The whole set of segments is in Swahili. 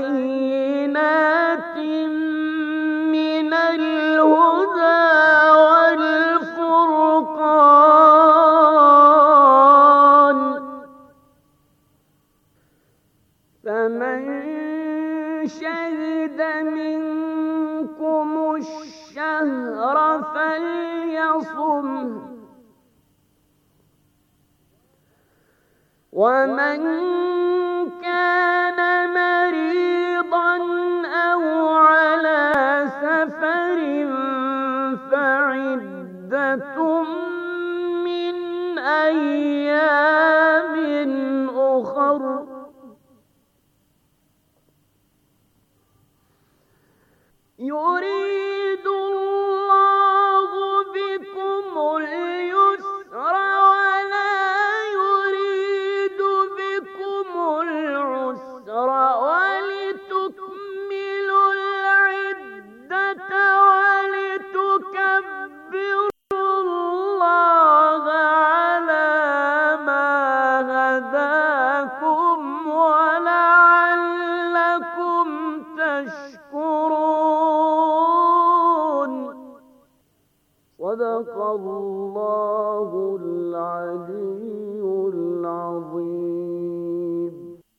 بينات من الهدى والفرقان فمن شهد منكم الشهر فليصم ومن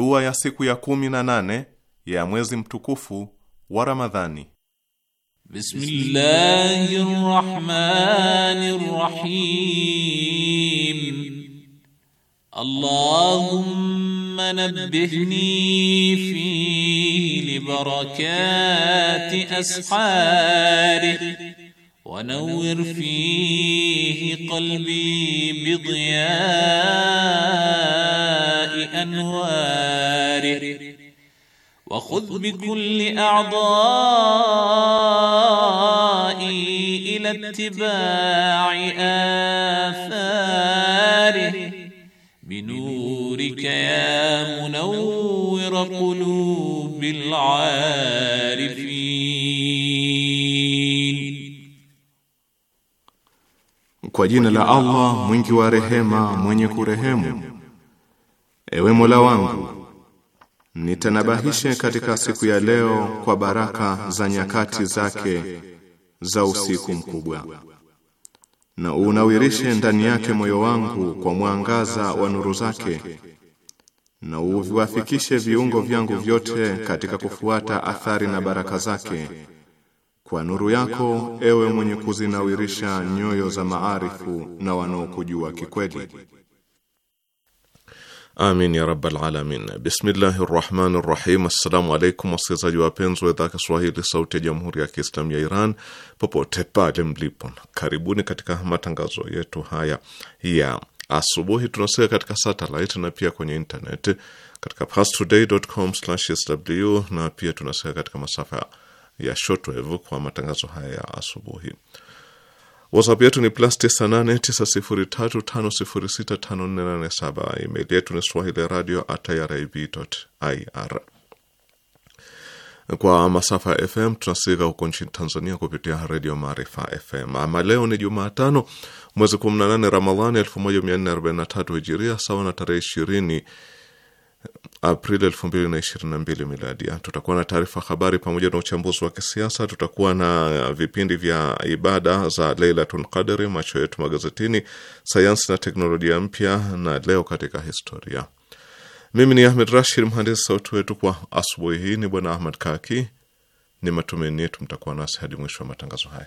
Dua ya siku ya kumi na nane ya mwezi mtukufu wa Ramadhani. Bismillahirrahmanirrahim. Allahumma nabbihni fi libarakati ashari wa nawwir fihi qalbi bidiyah أنواره وخذ بكل أعضائي إلى اتباع آثاره بنورك يا منور قلوب العارفين Kwa jina la Allah mwingi wa rehema mwenye kurehemu Ewe Mola wangu, nitanabahishe katika siku ya leo kwa baraka za nyakati zake za usiku mkubwa, na unawirishe ndani yake moyo wangu kwa mwangaza wa nuru zake, na uviwafikishe viungo vyangu vyote katika kufuata athari na baraka zake kwa nuru yako, ewe mwenye kuzinawirisha nyoyo za maarifu na wanaokujua kikweli. Amin ya rabbal alamin. Bismillahi rahmani rahim. Assalamu alaikum wasikilizaji wapenzi wa idhaa Kiswahili sauti ya jamhuri ya Kiislamu ya Iran popote pale mlipo, karibuni katika matangazo yetu haya ya asubuhi. Tunasika katika satelit na pia kwenye internet katika pastoday.com/sw na pia tunasika katika masafa ya shortwave kwa matangazo haya ya asubuhi WhatsApp yetu ni plus 989035065487. Email yetu ni swahili radio at irib.ir. Kwa masafa ya FM tunasikika huko nchini Tanzania kupitia redio Maarifa FM. Ama leo ni Jumatano, mwezi 18 Ramadhani 1443 Hijiria, sawa na tarehe 20 Aprili 2022 miladia. Tutakuwa na taarifa habari pamoja na uchambuzi wa kisiasa. Tutakuwa na vipindi vya ibada za Lailatul Qadri, macho yetu magazetini, sayansi na teknolojia mpya, na leo katika historia. Mimi ni Ahmed Rashid, mhandisi sauti wetu kwa asubuhi hii ni bwana Ahmad Kaki. Ni matumaini yetu mtakuwa nasi hadi mwisho wa matangazo haya.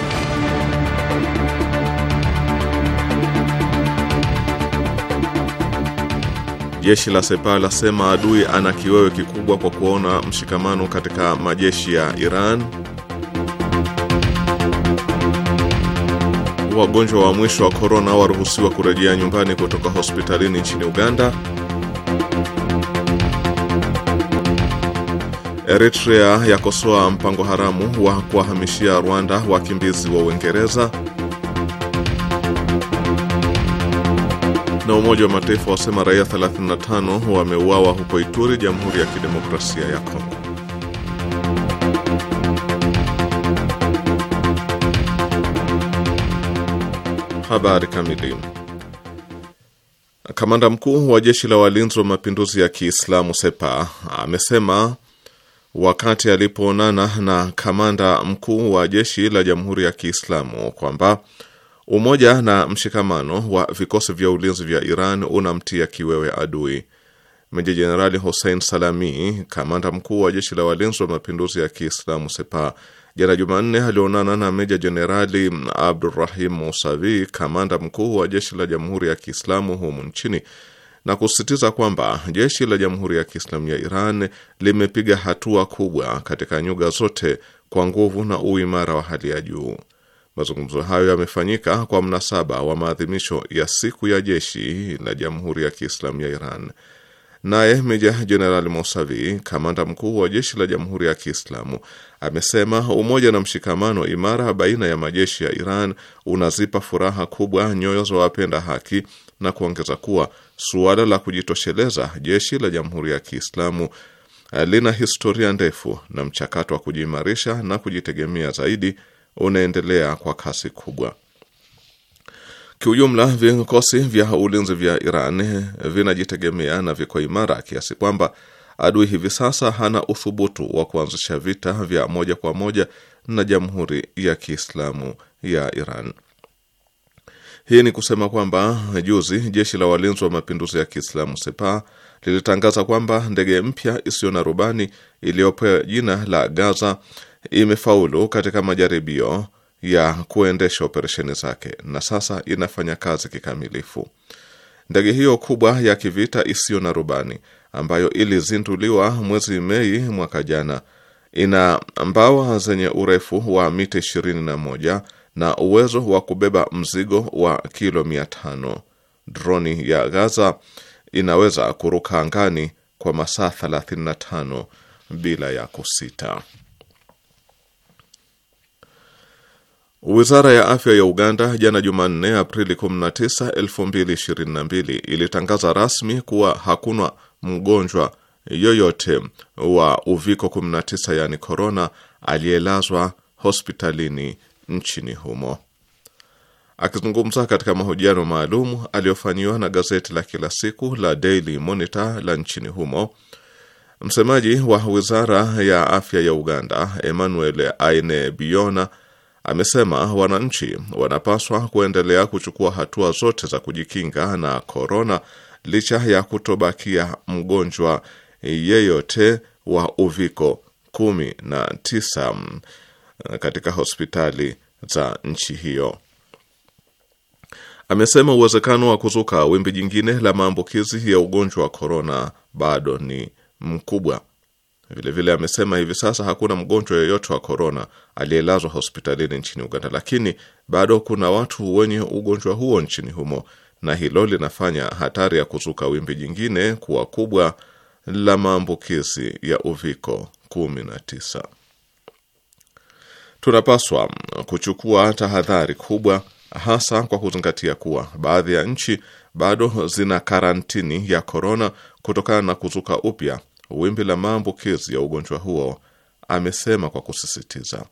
Jeshi la Sepa lasema adui ana kiwewe kikubwa kwa kuona mshikamano katika majeshi ya Iran. Wagonjwa wa mwisho wa korona waruhusiwa kurejea nyumbani kutoka hospitalini nchini Uganda. Eritrea yakosoa mpango haramu wa kuwahamishia Rwanda wakimbizi wa Uingereza. na Umoja wa Mataifa wasema raia 35 wameuawa huko Ituri, Jamhuri ya Kidemokrasia ya Kongo. Habari kamili. Kamanda mkuu wa jeshi la walinzi wa mapinduzi ya Kiislamu Sepa amesema wakati alipoonana na kamanda mkuu wa jeshi la Jamhuri ya Kiislamu kwamba Umoja na mshikamano wa vikosi vya ulinzi vya Iran unamtia kiwewe adui. Meja Jenerali Hussein Salami, kamanda mkuu wa jeshi la walinzi wa mapinduzi ya Kiislamu sepa jana Jumanne alionana na Meja Jenerali Abdurahim Musavi, kamanda mkuu wa jeshi la jamhuri ya Kiislamu humu nchini na kusisitiza kwamba jeshi la jamhuri ya Kiislamu ya Iran limepiga hatua kubwa katika nyuga zote kwa nguvu na uimara wa hali ya juu. Mazungumzo hayo yamefanyika kwa mnasaba wa maadhimisho ya siku ya jeshi la Jamhuri ya Kiislamu ya Iran. Naye Meja jeneral Mosavi, kamanda mkuu wa jeshi la Jamhuri ya Kiislamu, amesema umoja na mshikamano imara baina ya majeshi ya Iran unazipa furaha kubwa nyoyo za wapenda haki na kuongeza kuwa suala la kujitosheleza jeshi la Jamhuri ya Kiislamu eh, lina historia ndefu na mchakato wa kujiimarisha na kujitegemea zaidi unaendelea kwa kasi kubwa. Kiujumla, vikosi vya ulinzi vya Iran vinajitegemea na viko imara kiasi kwamba adui hivi sasa hana uthubutu wa kuanzisha vita vya moja kwa moja na Jamhuri ya Kiislamu ya Iran. Hii ni kusema kwamba juzi jeshi la walinzi wa mapinduzi ya Kiislamu Sepa lilitangaza kwamba ndege mpya isiyo na rubani iliyopewa jina la Gaza imefaulu katika majaribio ya kuendesha operesheni zake na sasa inafanya kazi kikamilifu. Ndege hiyo kubwa ya kivita isiyo na rubani ambayo ilizinduliwa mwezi Mei mwaka jana ina mbawa zenye urefu wa mita 21 na uwezo wa kubeba mzigo wa kilo 500. Droni ya Gaza inaweza kuruka angani kwa masaa 35 bila ya kusita. Wizara ya afya ya Uganda jana Jumanne, Aprili 19, 2022 ilitangaza rasmi kuwa hakuna mgonjwa yoyote wa uviko 19, yani corona aliyelazwa hospitalini nchini humo. Akizungumza katika mahojiano maalum aliyofanyiwa na gazeti la kila siku la Daily Monitor la nchini humo, msemaji wa wizara ya afya ya Uganda Emmanuel Aine Biona Amesema wananchi wanapaswa kuendelea kuchukua hatua zote za kujikinga na korona licha ya kutobakia mgonjwa yeyote wa uviko kumi na tisa eh, katika hospitali za nchi hiyo. Amesema uwezekano wa kuzuka wimbi jingine la maambukizi ya ugonjwa wa korona bado ni mkubwa. Vilevile amesema hivi sasa hakuna mgonjwa yeyote wa korona aliyelazwa hospitalini nchini Uganda, lakini bado kuna watu wenye ugonjwa huo nchini humo, na hilo linafanya hatari ya kuzuka wimbi jingine kuwa kubwa la maambukizi ya uviko 19. Tunapaswa kuchukua tahadhari kubwa, hasa kwa kuzingatia kuwa baadhi ya nchi bado zina karantini ya korona kutokana na kuzuka upya wimbi la maambukizi ya ugonjwa huo, amesema kwa kusisitiza.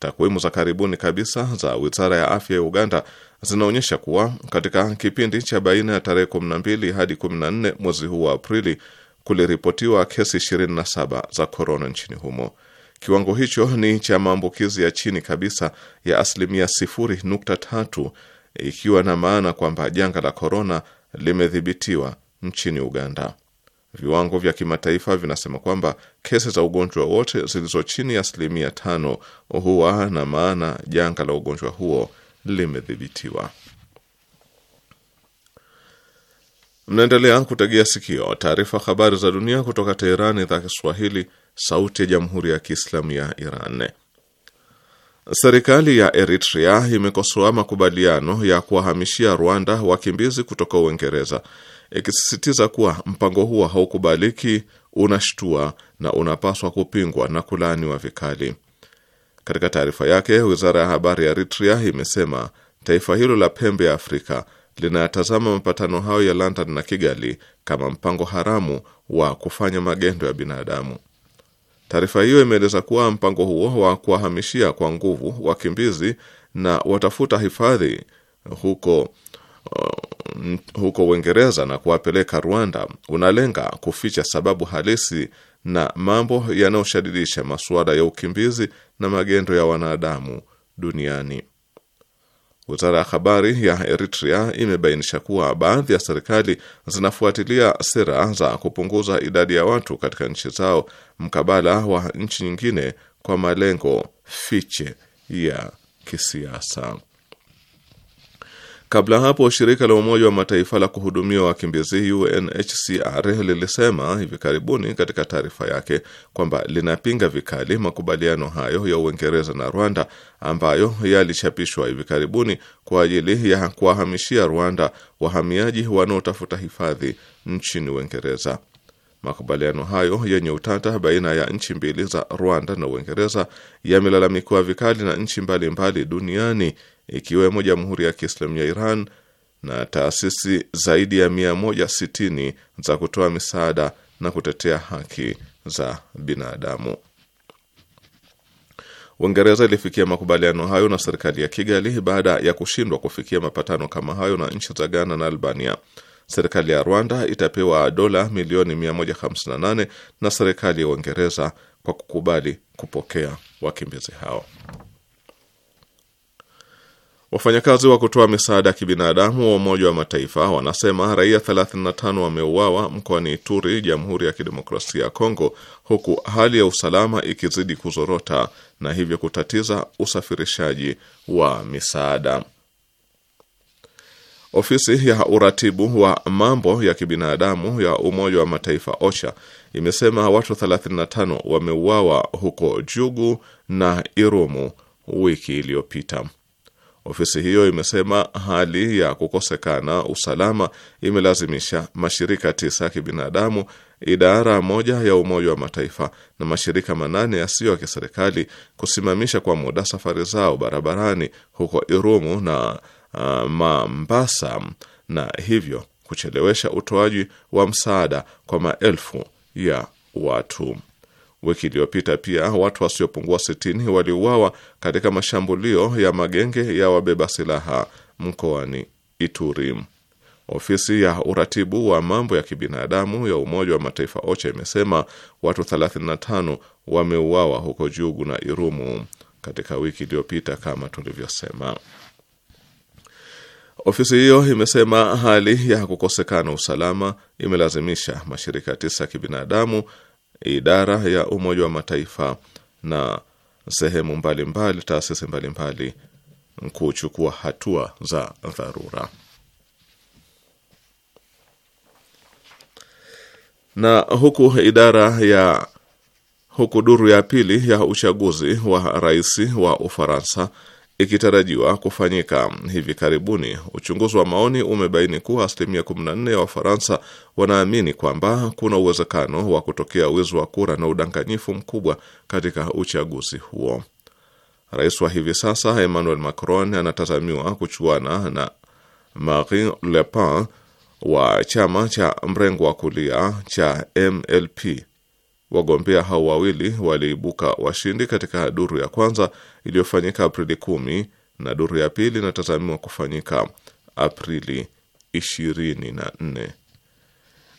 Takwimu za karibuni kabisa za Wizara ya Afya ya Uganda zinaonyesha kuwa katika kipindi cha baina ya tarehe 12 hadi 14 mwezi huu wa Aprili kuliripotiwa kesi 27 za korona nchini humo. Kiwango hicho ni cha maambukizi ya chini kabisa ya asilimia 0.3 ikiwa na maana kwamba janga la korona limedhibitiwa nchini Uganda. Viwango vya kimataifa vinasema kwamba kesi za ugonjwa wote zilizo chini ya asilimia tano huwa na maana janga la ugonjwa huo limedhibitiwa. Mnaendelea kutegea sikio taarifa habari za dunia kutoka Teherani, idhaa Kiswahili, sauti ya jamhuri ya kiislamu ya Iran. Serikali ya Eritrea imekosoa makubaliano ya kuwahamishia Rwanda wakimbizi kutoka Uingereza ikisisitiza kuwa mpango huo haukubaliki, unashtua na unapaswa kupingwa na kulaaniwa vikali. Katika taarifa yake, wizara ya habari ya Eritrea imesema taifa hilo la pembe ya Afrika linayatazama mapatano hayo ya London na Kigali kama mpango haramu wa kufanya magendo ya binadamu. Taarifa hiyo imeeleza kuwa mpango huo wa kuwahamishia kwa nguvu wakimbizi na watafuta hifadhi huko Uh, huko Uingereza na kuwapeleka Rwanda unalenga kuficha sababu halisi na mambo yanayoshadidisha masuala ya ukimbizi na magendo ya wanadamu duniani. Wizara ya habari ya Eritrea imebainisha kuwa baadhi ya serikali zinafuatilia sera za kupunguza idadi ya watu katika nchi zao mkabala wa nchi nyingine kwa malengo fiche ya kisiasa. Kabla hapo shirika la Umoja wa Mataifa la kuhudumia wakimbizi UNHCR lilisema hivi karibuni katika taarifa yake kwamba linapinga vikali makubaliano hayo ya Uingereza na Rwanda ambayo yalichapishwa hivi karibuni kwa ajili ya kuwahamishia Rwanda wahamiaji wanaotafuta hifadhi nchini Uingereza. Makubaliano hayo yenye utata baina ya nchi mbili za Rwanda na Uingereza yamelalamikiwa vikali na nchi mbalimbali duniani ikiwemo Jamhuri ya Kiislamu ya Iran na taasisi zaidi ya 160 za kutoa misaada na kutetea haki za binadamu. Uingereza ilifikia makubaliano hayo na serikali ya Kigali baada ya kushindwa kufikia mapatano kama hayo na nchi za Ghana na Albania serikali ya Rwanda itapewa dola milioni 158 na serikali ya Uingereza kwa kukubali kupokea wakimbizi hao. Wafanyakazi wa kutoa misaada ya kibinadamu wa Umoja wa Mataifa wanasema raia 35 wameuawa mkoani Ituri, Jamhuri ya Kidemokrasia ya Kongo, huku hali ya usalama ikizidi kuzorota na hivyo kutatiza usafirishaji wa misaada. Ofisi ya uratibu wa mambo ya kibinadamu ya Umoja wa Mataifa OCHA imesema watu 35 wameuawa huko Jugu na Irumu wiki iliyopita. Ofisi hiyo imesema hali ya kukosekana usalama imelazimisha mashirika tisa ya kibinadamu, idara moja ya Umoja wa Mataifa na mashirika manane yasiyo ya kiserikali kusimamisha kwa muda safari zao barabarani huko Irumu na uh, na hivyo kuchelewesha utoaji wa msaada kwa maelfu ya watu. Wiki iliyopita pia watu wasiopungua sitini waliuawa katika mashambulio ya magenge ya wabeba silaha mkoani Ituri. Ofisi ya uratibu wa mambo ya kibinadamu ya Umoja wa Mataifa OCHA imesema watu 35 wameuawa huko Jugu na Irumu katika wiki iliyopita kama tulivyosema. Ofisi hiyo imesema hali ya kukosekana usalama imelazimisha mashirika tisa ya kibinadamu, idara ya Umoja wa Mataifa na sehemu mbalimbali, taasisi mbalimbali kuchukua hatua za dharura. Na huku idara ya huku duru ya pili ya uchaguzi wa rais wa Ufaransa ikitarajiwa kufanyika hivi karibuni. Uchunguzi wa maoni umebaini kuwa asilimia 14 ya Wafaransa wanaamini kwamba kuna uwezekano wa kutokea wizi wa kura na udanganyifu mkubwa katika uchaguzi huo. Rais wa hivi sasa Emmanuel Macron anatazamiwa kuchuana na Marine Le Pen wa chama cha mrengo wa kulia cha MLP Wagombea hao wawili waliibuka washindi katika duru ya kwanza iliyofanyika Aprili kumi na duru ya pili inatazamiwa kufanyika Aprili 24.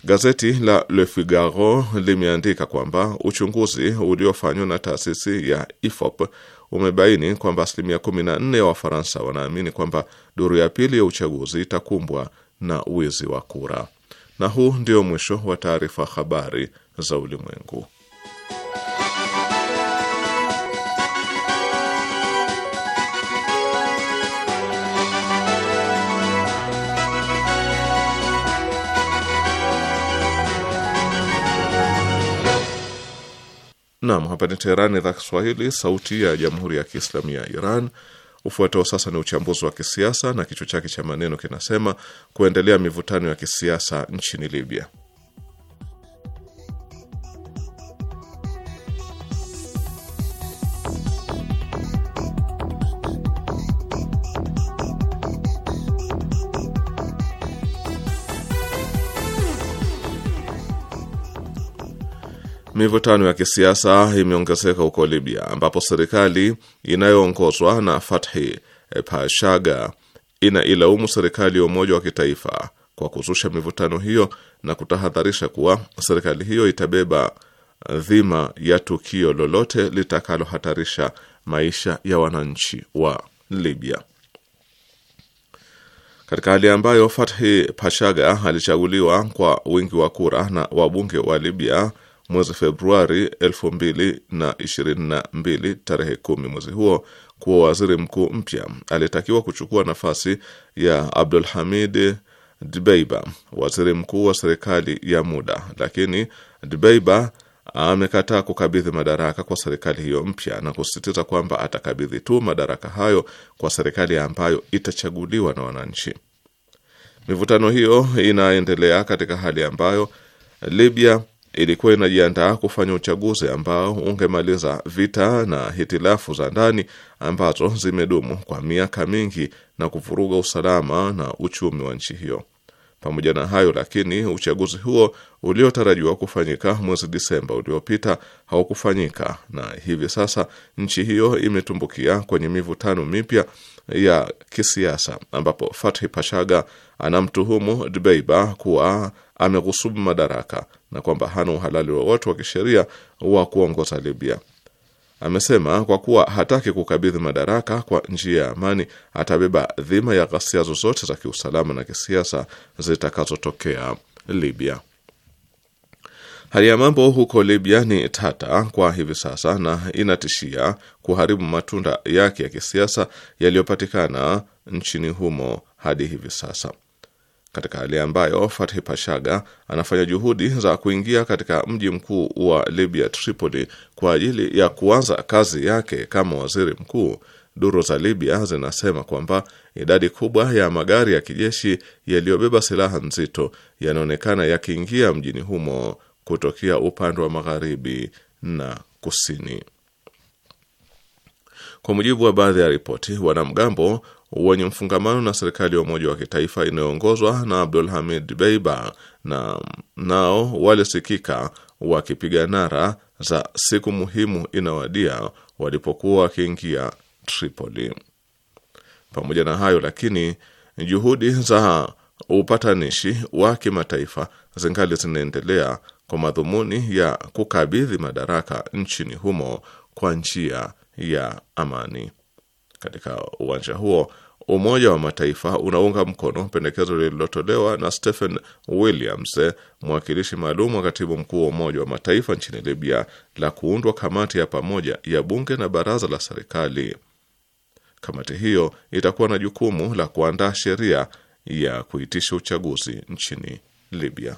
Gazeti la Le Figaro limeandika kwamba uchunguzi uliofanywa na taasisi ya IFOP umebaini kwamba asilimia 14 ya Wafaransa wanaamini kwamba duru ya pili ya uchaguzi itakumbwa na wizi wa kura. Na huu ndio mwisho wa taarifa habari za ulimwengu. Nam, hapa ni Teherani, idhaa Kiswahili, sauti ya jamhuri ya kiislamu ya Iran. Ufuatao sasa ni uchambuzi wa kisiasa na kichwa chake cha maneno kinasema kuendelea mivutano ya kisiasa nchini Libya. mivutano ya kisiasa imeongezeka huko Libya, ambapo serikali inayoongozwa na Fathi Pashaga inailaumu serikali ya Umoja wa Kitaifa kwa kuzusha mivutano hiyo na kutahadharisha kuwa serikali hiyo itabeba dhima ya tukio lolote litakalohatarisha maisha ya wananchi wa Libya. Katika hali ambayo Fathi Pashaga alichaguliwa kwa wingi wa kura na wabunge wa Libya mwezi Februari 2022 tarehe kumi mwezi huo kuwa waziri mkuu mpya aliyetakiwa kuchukua nafasi ya Abdul Hamid Dbeiba, waziri mkuu wa serikali ya muda, lakini Dbeiba amekataa kukabidhi madaraka kwa serikali hiyo mpya na kusisitiza kwamba atakabidhi tu madaraka hayo kwa serikali ambayo itachaguliwa na wananchi. Mivutano hiyo inaendelea katika hali ambayo Libya ilikuwa inajiandaa kufanya uchaguzi ambao ungemaliza vita na hitilafu za ndani ambazo zimedumu kwa miaka mingi na kuvuruga usalama na uchumi wa nchi hiyo. Pamoja na hayo lakini, uchaguzi huo uliotarajiwa kufanyika mwezi Disemba uliopita haukufanyika na hivi sasa nchi hiyo imetumbukia kwenye mivutano mipya ya kisiasa ambapo Fathi Pashaga anamtuhumu Dbeiba kuwa ameghusubu madaraka na kwamba hana uhalali wowote wa, wa kisheria wa kuongoza Libya. Amesema kwa kuwa hataki kukabidhi madaraka kwa njia ya amani, atabeba dhima ya ghasia zozote za kiusalama na kisiasa zitakazotokea Libya. Hali ya mambo huko Libya ni tata kwa hivi sasa na inatishia kuharibu matunda yake ya kisiasa yaliyopatikana nchini humo hadi hivi sasa katika hali ambayo Fathi Pashaga anafanya juhudi za kuingia katika mji mkuu wa Libya, Tripoli, kwa ajili ya kuanza kazi yake kama waziri mkuu. Duru za Libya zinasema kwamba idadi kubwa ya magari ya kijeshi yaliyobeba silaha nzito yanaonekana yakiingia mjini humo kutokea upande wa magharibi na kusini. Kwa mujibu wa baadhi ya ripoti, wanamgambo wenye mfungamano na serikali ya umoja wa kitaifa inayoongozwa na Abdul Hamid Beiba, na nao walisikika wakipiga nara za siku muhimu inawadia walipokuwa wakiingia Tripoli. Pamoja na hayo lakini, juhudi za upatanishi wa kimataifa zingali zinaendelea kwa madhumuni ya kukabidhi madaraka nchini humo kwa njia ya amani. Katika uwanja huo, Umoja wa Mataifa unaunga mkono pendekezo lililotolewa na Stephen Williams, mwakilishi maalum wa katibu mkuu wa Umoja wa Mataifa nchini Libya, la kuundwa kamati ya pamoja ya bunge na baraza la serikali. Kamati hiyo itakuwa na jukumu la kuandaa sheria ya kuitisha uchaguzi nchini Libya.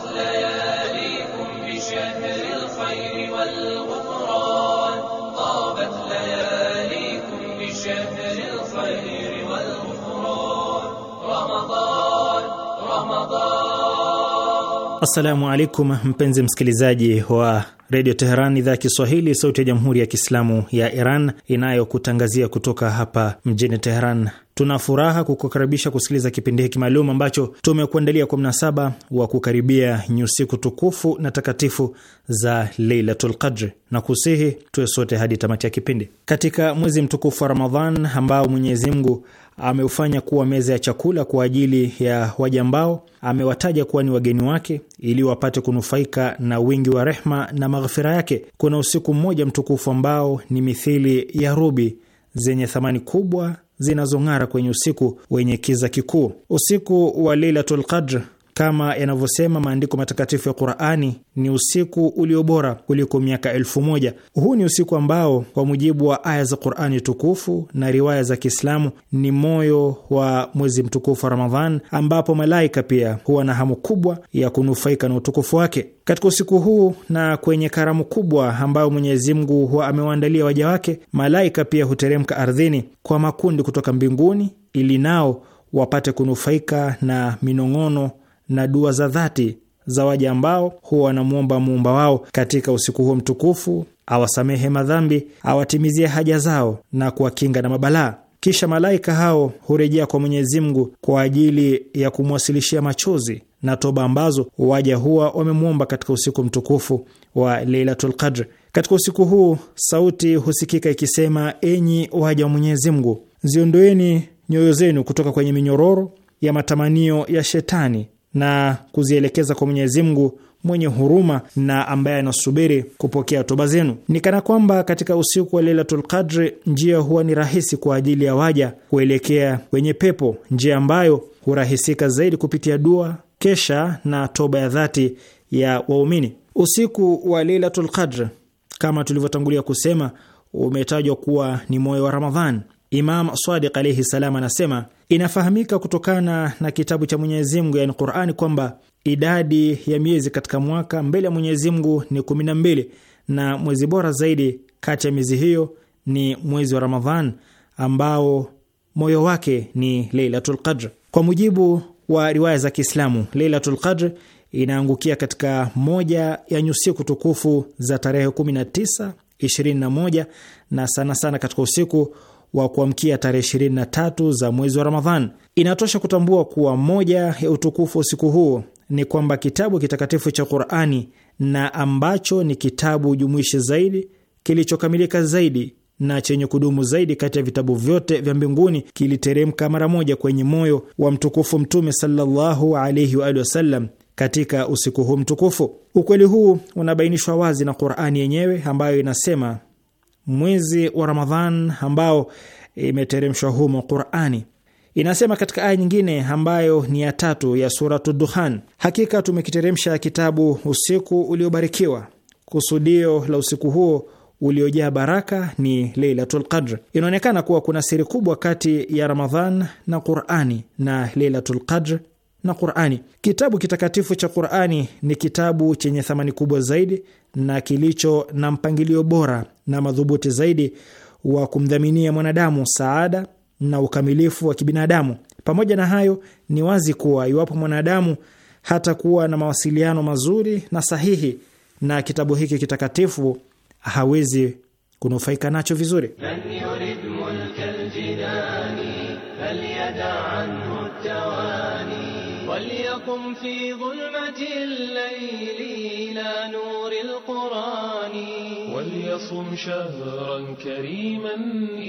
Assalamu alaikum mpenzi msikilizaji wa redio Teheran, idhaa ya Kiswahili, sauti ya jamhuri ya kiislamu ya Iran inayokutangazia kutoka hapa mjini Teheran. Tuna furaha kukukaribisha kusikiliza kipindi hiki maalum ambacho tumekuandalia kwa mnasaba wa kukaribia nyusiku tukufu na takatifu za Lailatul lqadri na kusihi tuwe sote hadi tamati ya kipindi katika mwezi mtukufu wa Ramadhan ambao Mwenyezi Mungu ameufanya kuwa meza ya chakula kwa ajili ya waja ambao amewataja kuwa ni wageni wake ili wapate kunufaika na wingi wa rehma na maghfira yake. Kuna usiku mmoja mtukufu ambao ni mithili ya rubi zenye thamani kubwa zinazong'ara kwenye usiku wenye kiza kikuu, usiku wa Lailatul Qadr kama yanavyosema maandiko matakatifu ya Qur'ani ni usiku uliobora kuliko miaka elfu moja. Huu ni usiku ambao kwa mujibu wa aya za Qur'ani tukufu na riwaya za Kiislamu ni moyo wa mwezi mtukufu wa Ramadhan, ambapo malaika pia huwa na hamu kubwa ya kunufaika na utukufu wake. Katika usiku huu na kwenye karamu kubwa ambayo Mwenyezi Mungu huwa amewaandalia waja wake, malaika pia huteremka ardhini kwa makundi kutoka mbinguni ili nao wapate kunufaika na minong'ono na dua za dhati za waja ambao huwa wanamwomba muumba wao katika usiku huo mtukufu awasamehe madhambi, awatimizie haja zao na kuwakinga na mabalaa. Kisha malaika hao hurejea kwa Mwenyezi Mungu kwa ajili ya kumwasilishia machozi na toba ambazo waja huwa wamemwomba katika usiku mtukufu wa Lailatul Qadr. Katika usiku huu sauti husikika ikisema, enyi waja wa Mwenyezi Mungu, ziondoeni nyoyo zenu kutoka kwenye minyororo ya matamanio ya shetani na kuzielekeza kwa Mwenyezi Mungu mwenye huruma na ambaye anasubiri kupokea toba zenu. Ni kana kwamba katika usiku wa Lailatul Qadri njia huwa ni rahisi kwa ajili ya waja kuelekea kwenye pepo, njia ambayo hurahisika zaidi kupitia dua, kesha na toba ya dhati ya waumini. Usiku wa Lailatul Qadr kama tulivyotangulia kusema umetajwa kuwa ni moyo wa Ramadhan. Imam Sadiq alaihi salam anasema Inafahamika kutokana na kitabu cha Mwenyezi Mungu, yani Qur'ani, kwamba idadi ya miezi katika mwaka mbele ya Mwenyezi Mungu ni kumi na mwezi bora zaidi kati ya miezi hiyo ni mwezi wa Ramadhan ambao moyo wake ni Lailatul Qadr. Kwa mujibu wa riwaya za Kiislamu, Lailatul Qadr inaangukia katika moja ya nyusiku tukufu za tarehe 19, 21 na sana sana katika usiku wa kuamkia tarehe 23 za mwezi wa Ramadhan. Inatosha kutambua kuwa moja ya utukufu wa usiku huo ni kwamba kitabu kitakatifu cha Qur'ani na ambacho ni kitabu jumuishi zaidi kilichokamilika zaidi na chenye kudumu zaidi kati ya vitabu vyote vya mbinguni kiliteremka mara moja kwenye moyo wa mtukufu Mtume sallallahu alaihi wa alihi wasallam katika usiku huu mtukufu. Ukweli huu unabainishwa wazi na Qur'ani yenyewe ambayo inasema mwezi wa Ramadhan ambao imeteremshwa humo Qurani. Inasema katika aya nyingine ambayo ni ya tatu ya Suratu Duhan, hakika tumekiteremsha kitabu usiku uliobarikiwa, kusudio la usiku huo uliojaa baraka ni Leilatul Qadr. Inaonekana kuwa kuna siri kubwa kati ya Ramadhan na Qurani na Leilatul Qadr na Qurani. Kitabu kitakatifu cha Qurani ni kitabu chenye thamani kubwa zaidi na kilicho na mpangilio bora na madhubuti zaidi wa kumdhaminia mwanadamu saada na ukamilifu wa kibinadamu. Pamoja na hayo, ni wazi kuwa iwapo mwanadamu hata kuwa na mawasiliano mazuri na sahihi na kitabu hiki kitakatifu, hawezi kunufaika nacho vizuri. فصم شهرا كريما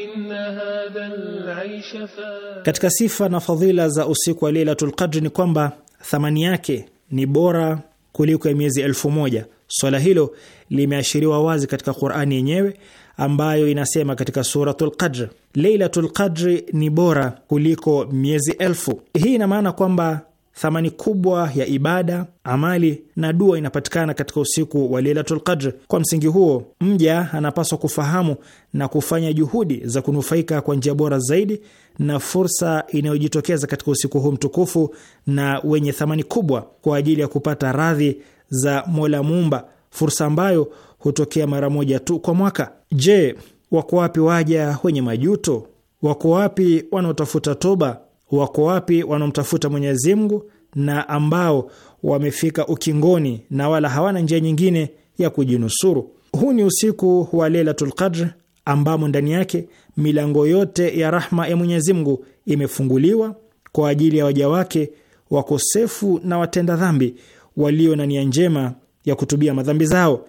إن هذا العيش ف... katika sifa na fadhila za usiku wa Lailatul Qadr ni kwamba thamani yake ni bora kuliko ya miezi elfu moja. Swala hilo limeashiriwa wazi katika Qur'ani yenyewe ambayo inasema katika Suratul Qadr, Lailatul Qadri ni bora kuliko miezi elfu. Hii ina maana kwamba Thamani kubwa ya ibada, amali na dua inapatikana katika usiku wa Lailatul Qadr. Kwa msingi huo, mja anapaswa kufahamu na kufanya juhudi za kunufaika kwa njia bora zaidi na fursa inayojitokeza katika usiku huu mtukufu na wenye thamani kubwa kwa ajili ya kupata radhi za Mola Muumba, fursa ambayo hutokea mara moja tu kwa mwaka. Je, wako wapi waja wenye majuto? Wako wapi wanaotafuta toba wako wapi wanaomtafuta Mwenyezi Mungu na ambao wamefika ukingoni na wala hawana njia nyingine ya kujinusuru. Huu ni usiku wa Lailatul Qadr ambamo ndani yake milango yote ya rahma ya Mwenyezi Mungu imefunguliwa kwa ajili ya waja wake wakosefu na watenda dhambi walio na nia njema ya kutubia madhambi zao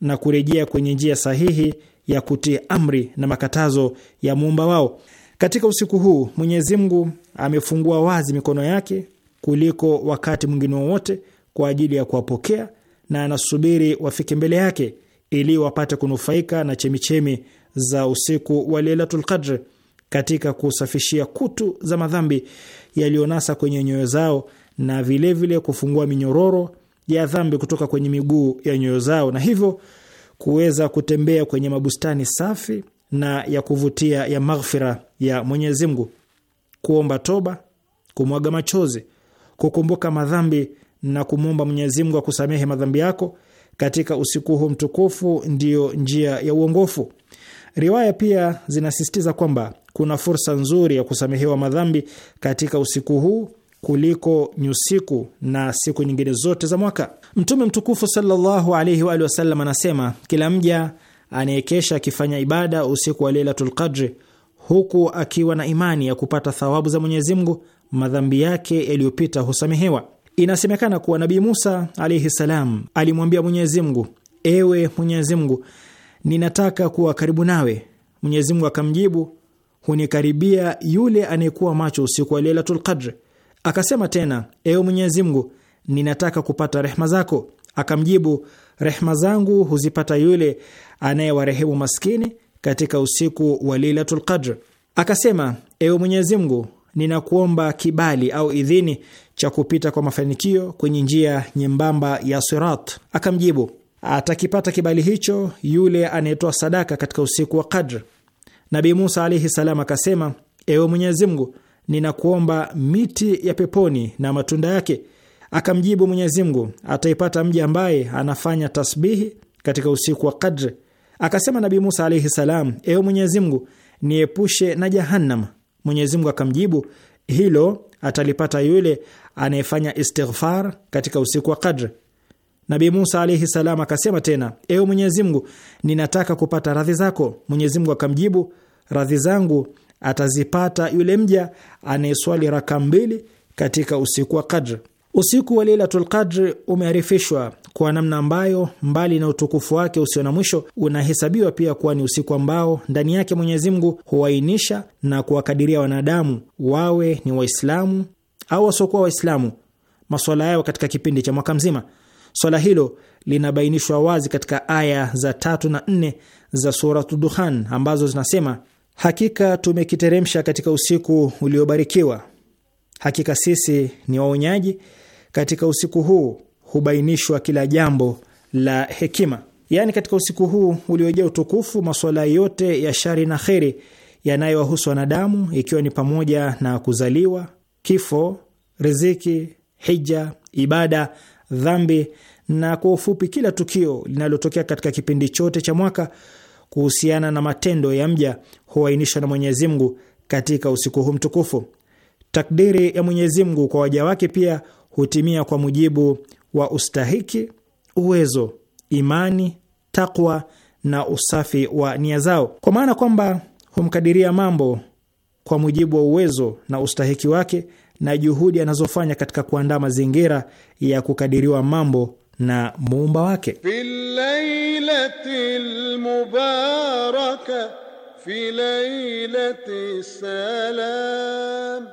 na kurejea kwenye njia sahihi ya kutii amri na makatazo ya muumba wao. Katika usiku huu Mwenyezi Mungu amefungua wazi mikono yake kuliko wakati mwingine wowote kwa ajili ya kuwapokea na anasubiri wafike mbele yake ili wapate kunufaika na chemichemi za usiku wa Lailatul Qadr katika kusafishia kutu za madhambi yaliyonasa kwenye nyoyo zao na vilevile vile kufungua minyororo ya dhambi kutoka kwenye miguu ya nyoyo zao na hivyo kuweza kutembea kwenye mabustani safi na ya kuvutia ya maghfira ya Mwenyezi Mungu kuomba toba, kumwaga machozi, kukumbuka madhambi na kumwomba Mwenyezi Mungu akusamehe madhambi yako katika usiku huu mtukufu ndiyo njia ya uongofu. Riwaya pia zinasisitiza kwamba kuna fursa nzuri ya kusamehewa madhambi katika usiku huu kuliko nyusiku na siku nyingine zote za mwaka. Mtume mtukufu sallallahu alaihi wa alihi wasallam anasema, kila mja anayekesha akifanya ibada usiku wa Lailatul Qadri huku akiwa na imani ya kupata thawabu za Mwenyezi Mungu, madhambi yake yaliyopita husamehewa. Inasemekana kuwa Nabii Musa alaihi salam alimwambia Mwenyezi Mungu, ewe Mwenyezi Mungu, ninataka kuwa karibu nawe. Mwenyezi Mungu akamjibu, hunikaribia yule anayekuwa macho usiku wa Lailatul Qadr. Akasema tena, ewe Mwenyezi Mungu, ninataka kupata rehma zako. Akamjibu, rehma zangu huzipata yule anayewarehemu maskini katika usiku wa Lailatul Qadr. Akasema, ewe Mwenyezi Mungu, ninakuomba kibali au idhini cha kupita kwa mafanikio kwenye njia nyembamba ya sirat. Akamjibu, atakipata kibali hicho yule anayetoa sadaka katika usiku wa Qadr. nabi Musa alaihi salam akasema, ewe Mwenyezi Mungu, ninakuomba miti ya peponi na matunda yake. Akamjibu Mwenyezi Mungu, ataipata mja ambaye anafanya tasbihi katika usiku wa Qadri. Akasema Nabii Musa alaihi salam, ewe Mwenyezi Mungu, niepushe na Jahannam. Mwenyezi Mungu akamjibu, hilo atalipata yule anayefanya istighfar katika usiku wa Kadri. Nabii Musa alaihi salam akasema tena, ewe Mwenyezi Mungu, ninataka kupata radhi zako. Mwenyezi Mungu akamjibu, radhi zangu atazipata yule mja anayeswali raka mbili katika usiku wa Kadri. Usiku wa Lailatul Qadr umearifishwa kwa namna ambayo mbali na utukufu wake usio na mwisho unahesabiwa pia kuwa ni usiku ambao ndani yake Mwenyezi Mungu huainisha na kuwakadiria wanadamu wawe ni Waislamu au wasiokuwa Waislamu maswala yao katika kipindi cha mwaka mzima. Swala hilo linabainishwa wazi katika aya za tatu na nne za Suratu Duhan ambazo zinasema, hakika tumekiteremsha katika usiku uliobarikiwa, hakika sisi ni waonyaji katika usiku huu hubainishwa kila jambo la hekima. Yaani, katika usiku huu uliojaa utukufu, masuala yote ya shari na kheri yanayowahusu wanadamu, ikiwa ni pamoja na kuzaliwa, kifo, riziki, hija, ibada, dhambi na kwa ufupi, kila tukio linalotokea katika kipindi chote cha mwaka kuhusiana na matendo ya mja huainishwa na Mwenyezi Mungu katika usiku huu mtukufu. Takdiri ya Mwenyezi Mungu kwa waja wake pia hutimia kwa mujibu wa ustahiki, uwezo, imani, takwa na usafi wa nia zao, kwa maana kwamba humkadiria mambo kwa mujibu wa uwezo na ustahiki wake na juhudi anazofanya katika kuandaa mazingira ya kukadiriwa mambo na muumba wake. fi salam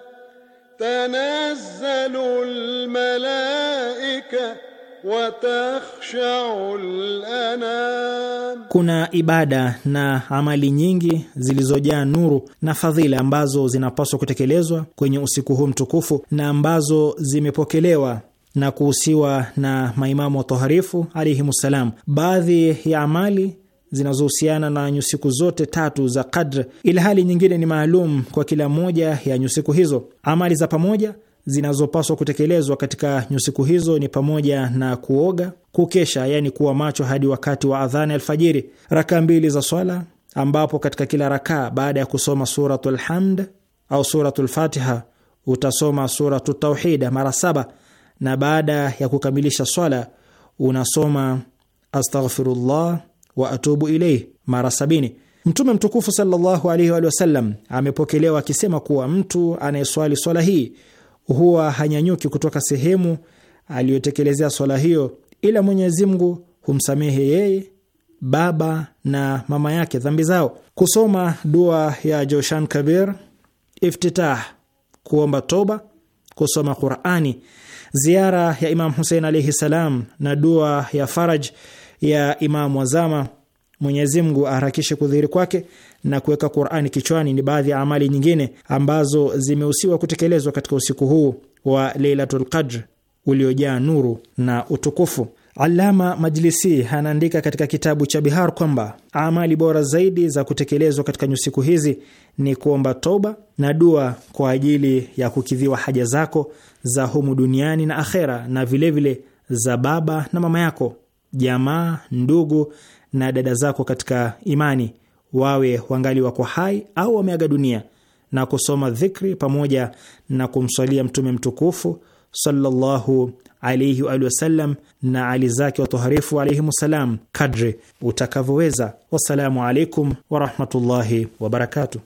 تنزل الملائكة وتخشع الأنام. Kuna ibada na amali nyingi zilizojaa nuru na fadhila ambazo zinapaswa kutekelezwa kwenye usiku huu mtukufu na ambazo zimepokelewa na kuhusiwa na maimamu watoharifu alaihimussalam. Baadhi ya amali zinazohusiana na nyusiku zote tatu za Qadr, ila hali nyingine ni maalum kwa kila moja ya nyusiku hizo. Amali za pamoja zinazopaswa kutekelezwa katika nyusiku hizo ni pamoja na kuoga, kukesha, yani kuwa macho hadi wakati wa adhani alfajiri, rakaa mbili za swala, ambapo katika kila rakaa baada ya kusoma suratu lhamd au suratu lfatiha utasoma Suratu Tauhid mara saba, na baada ya kukamilisha swala unasoma astaghfirullah wa atubu ilaihi mara sabini. Mtume mtukufu sallallahu alaihi wa sallam amepokelewa akisema kuwa mtu anayeswali swala hii huwa hanyanyuki kutoka sehemu aliyotekelezea swala hiyo, ila Mwenyezi Mungu humsamehe yeye, baba na mama yake dhambi zao. Kusoma dua ya Joshan Kabir, iftitah, kuomba toba, kusoma Qurani, ziara ya Imam Husein alaihi salam na dua ya faraj ya Imamu Wazama, Mwenyezi Mungu aharakishe kudhihiri kwake na kuweka Qur'ani kichwani, ni baadhi ya amali nyingine ambazo zimehusiwa kutekelezwa katika usiku huu wa Lailatul Qadr uliojaa nuru na utukufu. Alama Majlisi anaandika katika kitabu cha Bihar kwamba amali bora zaidi za kutekelezwa katika nyusiku hizi ni kuomba toba na dua kwa ajili ya kukidhiwa haja zako za humu duniani na akhera, na vilevile vile za baba na mama yako jamaa, ndugu na dada zako katika imani, wawe wangali wako hai au wameaga dunia, na kusoma dhikri pamoja na kumswalia Mtume mtukufu sallallahu alaihi wa sallam na ali zake watoharifu salam kadri utakavyoweza. Wassalamu alaikum warahmatullahi wabarakatuh.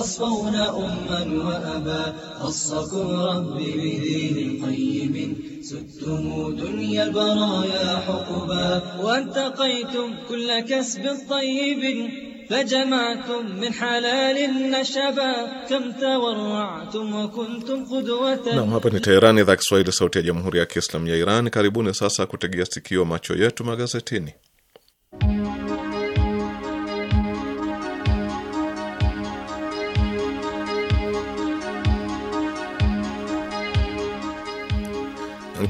أصفون أما وأبا خصكم ربي بدين قيم سدتم دنيا البرايا حقبا وانتقيتم كل كسب طيب فجمعتم من halal nashaba kam tawarra'tum wa kuntum qudwatan. Naam, hapa ni Teherani, idhaa Kiswahili, sauti ya Jamhuri ya Kiislamu ya Iran. Karibuni sasa kutegea sikio, macho yetu magazetini.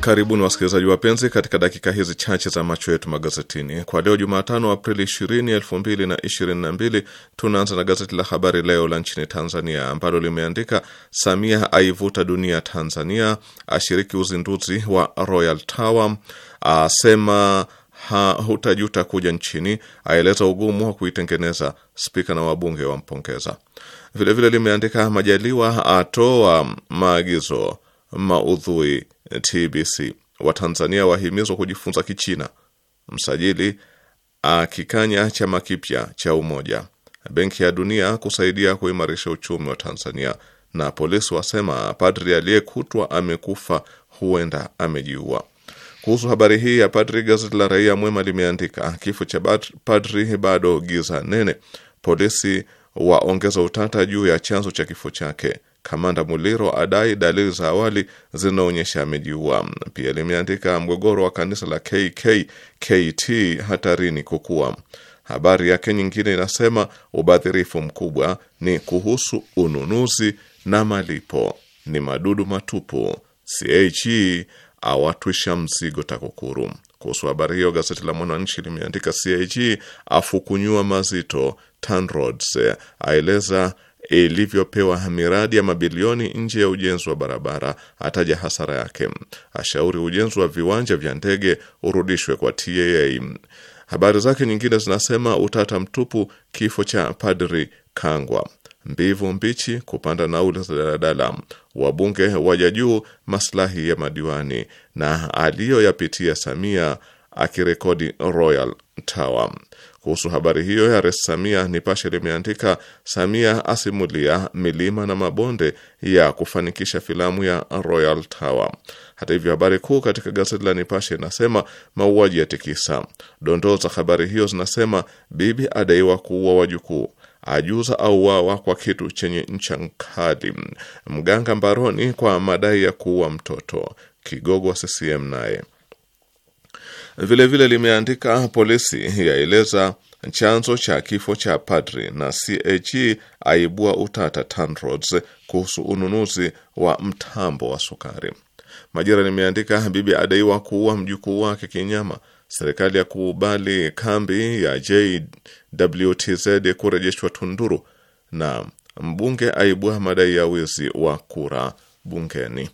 Karibuni wasikilizaji wapenzi, katika dakika hizi chache za macho yetu magazetini kwa leo Jumatano Aprili 20, 2022 tunaanza na gazeti la Habari Leo la nchini Tanzania ambalo limeandika Samia aivuta dunia Tanzania, ashiriki uzinduzi wa Royal Tower, asema hutajuta kuja nchini, aeleza ugumu wa kuitengeneza, spika na wabunge wampongeza. Vilevile limeandika Majaliwa atoa maagizo maudhui eh, TBC. Watanzania wahimizwa kujifunza Kichina. Msajili akikanya chama kipya cha Umoja. Benki ya Dunia kusaidia kuimarisha uchumi wa Tanzania. Na polisi wasema padri aliyekutwa amekufa huenda amejiua. Kuhusu habari hii ya padri, gazeti la Raia Mwema limeandika kifo cha padri bado giza nene, polisi waongeza utata juu ya chanzo cha kifo chake. Kamanda Muliro adai dalili za awali zinaonyesha amejiua. Pia limeandika mgogoro wa kanisa la KKKT hatarini kukua. Habari yake nyingine inasema ubadhirifu mkubwa ni kuhusu ununuzi na malipo ni madudu matupu, CAG e awatwisha mzigo TAKUKURU. Kuhusu habari hiyo, gazeti la Mwananchi limeandika CAG e afukunyua mazito TANROADS aeleza ilivyopewa miradi ya mabilioni nje ya ujenzi wa barabara, ataja hasara yake, ashauri ujenzi wa viwanja vya ndege urudishwe kwa TAA. Habari zake nyingine zinasema utata mtupu, kifo cha Padri Kangwa, mbivu mbichi, kupanda nauli za daladala, wabunge waja juu, maslahi ya madiwani na aliyoyapitia Samia akirekodi Royal Tower. Kuhusu habari hiyo ya Rais Samia, Nipashe limeandika Samia asimulia milima na mabonde ya kufanikisha filamu ya Royal Tower. Hata hivyo, habari kuu katika gazeti la Nipashe inasema mauaji ya tikisa. Dondoo za habari hiyo zinasema bibi adaiwa kuua wajukuu ajuza auawa kwa kitu chenye ncha kali. Mganga mbaroni kwa madai ya kuua mtoto. Kigogo wa CCM naye Vilevile vile limeandika polisi yaeleza chanzo cha kifo cha padri na CAG e aibua utata TANROADS kuhusu ununuzi wa mtambo wa sukari. Majira limeandika bibi adaiwa kuua mjukuu wake kinyama, serikali ya kubali kambi ya JWTZ kurejeshwa Tunduru, na mbunge aibua madai ya wizi wa kura bungeni.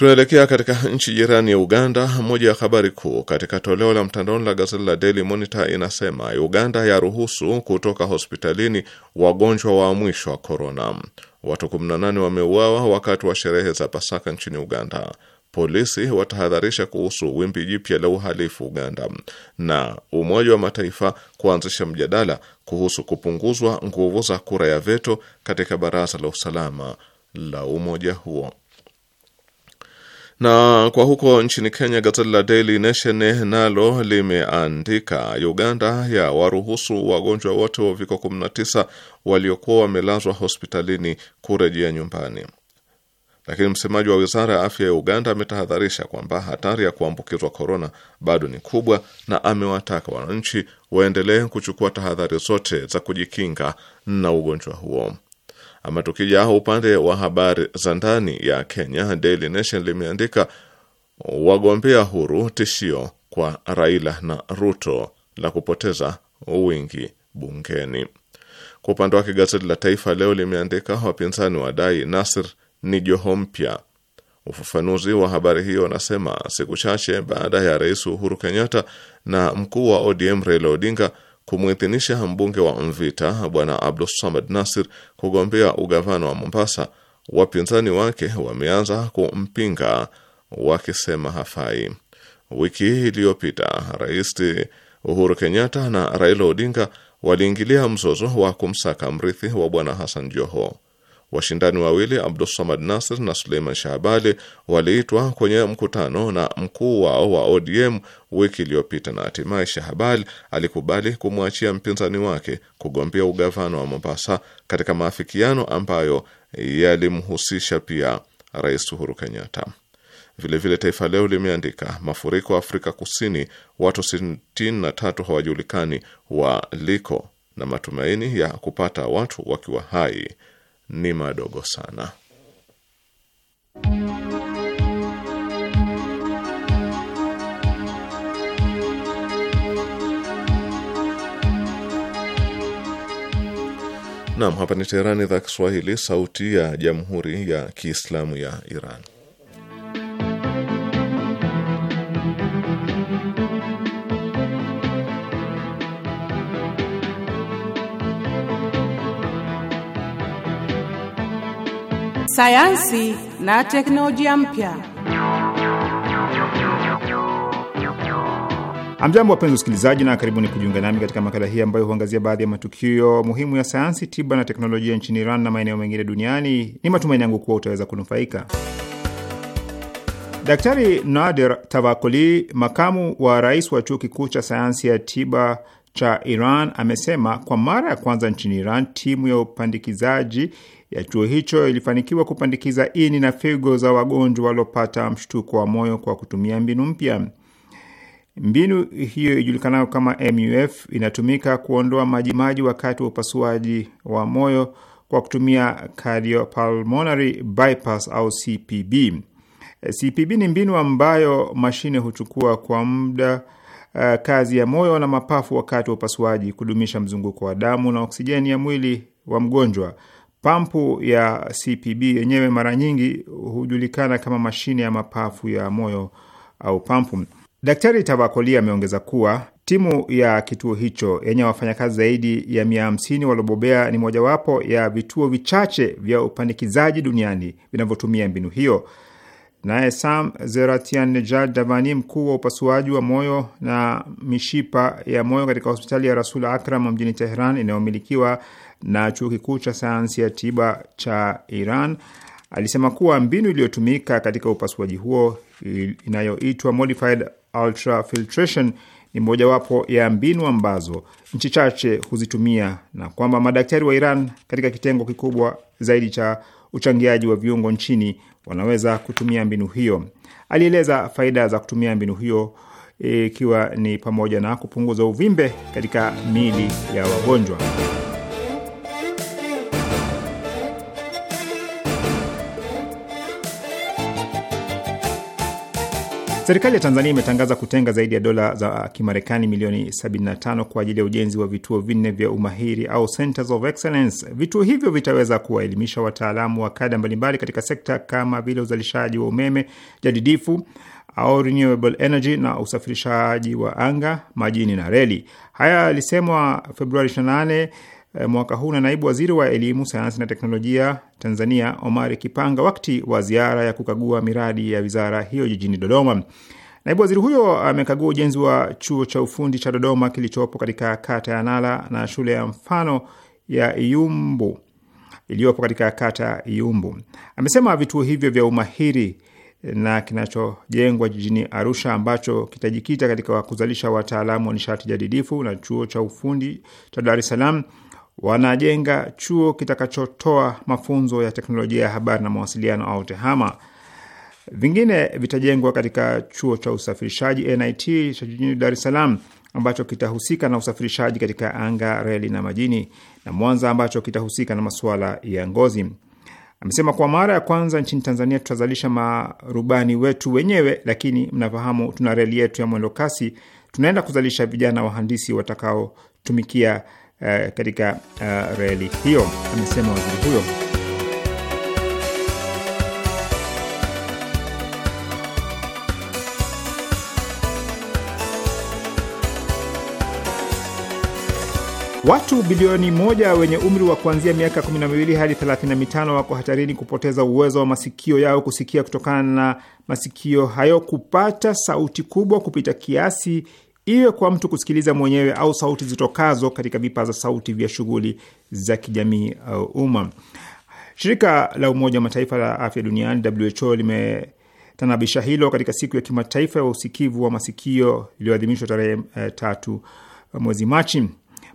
Tunaelekea katika nchi jirani ya Uganda. Moja ya habari kuu katika toleo la mtandaoni la gazeti la Daily Monitor inasema Uganda yaruhusu kutoka hospitalini wagonjwa wa mwisho wa korona. Watu 18 wameuawa wakati wa sherehe za Pasaka nchini Uganda. Polisi watahadharisha kuhusu wimbi jipya la uhalifu Uganda, na Umoja wa Mataifa kuanzisha mjadala kuhusu kupunguzwa nguvu za kura ya veto katika Baraza la Usalama la umoja huo. Na kwa huko nchini Kenya, gazeti la Daily Nation nalo limeandika Uganda ya waruhusu wagonjwa wote wa uviko 19 waliokuwa wamelazwa hospitalini kurejea nyumbani. Lakini msemaji wa wizara ya afya ya Uganda ametahadharisha kwamba hatari ya kuambukizwa korona bado ni kubwa, na amewataka wananchi waendelee kuchukua tahadhari zote za kujikinga na ugonjwa huo. Ama tukija upande wa habari za ndani ya Kenya, Daily Nation limeandika wagombea huru tishio kwa Raila na Ruto la kupoteza wingi bungeni. Kwa upande wake gazeti la Taifa Leo limeandika wapinzani wadai Nasir ni Joho mpya. Ufafanuzi wa habari hiyo unasema siku chache baada ya Rais Uhuru Kenyatta na mkuu wa ODM Raila Odinga kumwidhinisha mbunge wa Mvita Bwana abdusamad Nasir kugombea ugavana wa Mombasa, wapinzani wake wameanza kumpinga wakisema hafai. Wiki hii iliyopita, Rais Uhuru Kenyatta na Raila Odinga waliingilia mzozo wa kumsaka mrithi wa Bwana Hassan Joho. Washindani wawili Abdulsamad Nasser na Suleiman Shahbali waliitwa kwenye mkutano na mkuu wao wa ODM wiki iliyopita, na hatimaye Shahbali alikubali kumwachia mpinzani wake kugombea ugavana wa Mombasa katika maafikiano ambayo yalimhusisha pia Rais Uhuru Kenyatta. Vilevile, Taifa Leo limeandika mafuriko Afrika Kusini, watu 63 hawajulikani waliko na matumaini ya kupata watu wakiwa hai ni madogo sana. nam hapa ni Teherani, idhaa Kiswahili, sauti ya jamhuri ya kiislamu ya Iran. sayansi na teknolojia mpya. Amjambo, wapenzi usikilizaji, na karibuni kujiunga nami katika makala hii ambayo huangazia baadhi ya matukio muhimu ya sayansi, tiba na teknolojia nchini Iran na maeneo mengine duniani. Ni matumaini yangu kuwa utaweza kunufaika. Daktari Nader Tavakoli, makamu wa rais wa chuo kikuu cha sayansi ya tiba cha Iran, amesema kwa mara ya kwanza nchini Iran timu ya upandikizaji ya chuo hicho ilifanikiwa kupandikiza ini na figo za wagonjwa waliopata mshtuko wa moyo kwa kutumia mbinu mpya. Mbinu hiyo ijulikanayo kama MUF inatumika kuondoa majimaji wakati wa upasuaji wa moyo kwa kutumia cardiopulmonary bypass au CPB. CPB ni mbinu ambayo mashine huchukua kwa muda uh, kazi ya moyo na mapafu wakati wa upasuaji kudumisha mzunguko wa damu na oksijeni ya mwili wa mgonjwa. Pampu ya CPB yenyewe mara nyingi hujulikana kama mashine ya mapafu ya moyo au pampu. Daktari Tavakoli ameongeza kuwa timu ya kituo hicho yenye wafanyakazi zaidi ya mia hamsini waliobobea ni mojawapo ya vituo vichache vya upandikizaji duniani vinavyotumia mbinu hiyo. Naye Sam Zeratian Nejad Davani, mkuu wa upasuaji wa moyo na mishipa ya moyo katika hospitali ya Rasul Akram mjini Teheran inayomilikiwa na chuo kikuu cha sayansi ya tiba cha Iran alisema kuwa mbinu iliyotumika katika upasuaji huo inayoitwa modified ultrafiltration ni mojawapo ya mbinu ambazo nchi chache huzitumia na kwamba madaktari wa Iran katika kitengo kikubwa zaidi cha uchangiaji wa viungo nchini wanaweza kutumia mbinu hiyo. Alieleza faida za kutumia mbinu hiyo ikiwa e, ni pamoja na kupunguza uvimbe katika miili ya wagonjwa. Serikali ya Tanzania imetangaza kutenga zaidi ya dola za Kimarekani milioni 75 kwa ajili ya ujenzi wa vituo vinne vya umahiri au centers of excellence. Vituo hivyo vitaweza kuwaelimisha wataalamu wa kada mbalimbali katika sekta kama vile uzalishaji wa umeme jadidifu au renewable energy na usafirishaji wa anga, majini na reli. Haya yalisemwa Februari 28 Eh, mwaka huu na naibu waziri wa elimu, sayansi na teknolojia Tanzania Omari Kipanga wakati wa ziara ya kukagua miradi ya wizara hiyo jijini Dodoma. Naibu waziri huyo amekagua ujenzi wa chuo cha ufundi cha Dodoma kilichopo katika kata ya Nala na shule ya mfano ya Iyumbu iliyopo katika kata Iyumbu. Amesema vituo hivyo vya umahiri eh, na kinachojengwa jijini Arusha ambacho kitajikita katika kuzalisha wataalamu wa nishati jadidifu na chuo cha ufundi cha Dar es Salaam wanajenga chuo kitakachotoa mafunzo ya teknolojia ya habari na mawasiliano au TEHAMA. Vingine vitajengwa katika chuo cha usafirishaji NIT cha jijini Dar es Salaam ambacho kitahusika na usafirishaji katika anga, reli na majini, na Mwanza ambacho kitahusika na masuala ya ngozi. Amesema kwa mara ya kwanza nchini Tanzania tutazalisha marubani wetu wenyewe, lakini mnafahamu, tuna reli yetu ya mwendo kasi. Tunaenda kuzalisha vijana wahandisi watakaotumikia Eh, katika uh, reli hiyo, amesema waziri huyo. Watu bilioni moja wenye umri wa kuanzia miaka 12 hadi 35 wako hatarini kupoteza uwezo wa masikio yao kusikia kutokana na masikio hayo kupata sauti kubwa kupita kiasi iwe kwa mtu kusikiliza mwenyewe au sauti zitokazo katika vipaza sauti vya shughuli za kijamii au umma. Shirika la Umoja wa Mataifa la Afya Duniani, WHO, limetanabisha hilo katika siku ya kimataifa ya usikivu wa masikio iliyoadhimishwa tarehe eh, tatu mwezi Machi,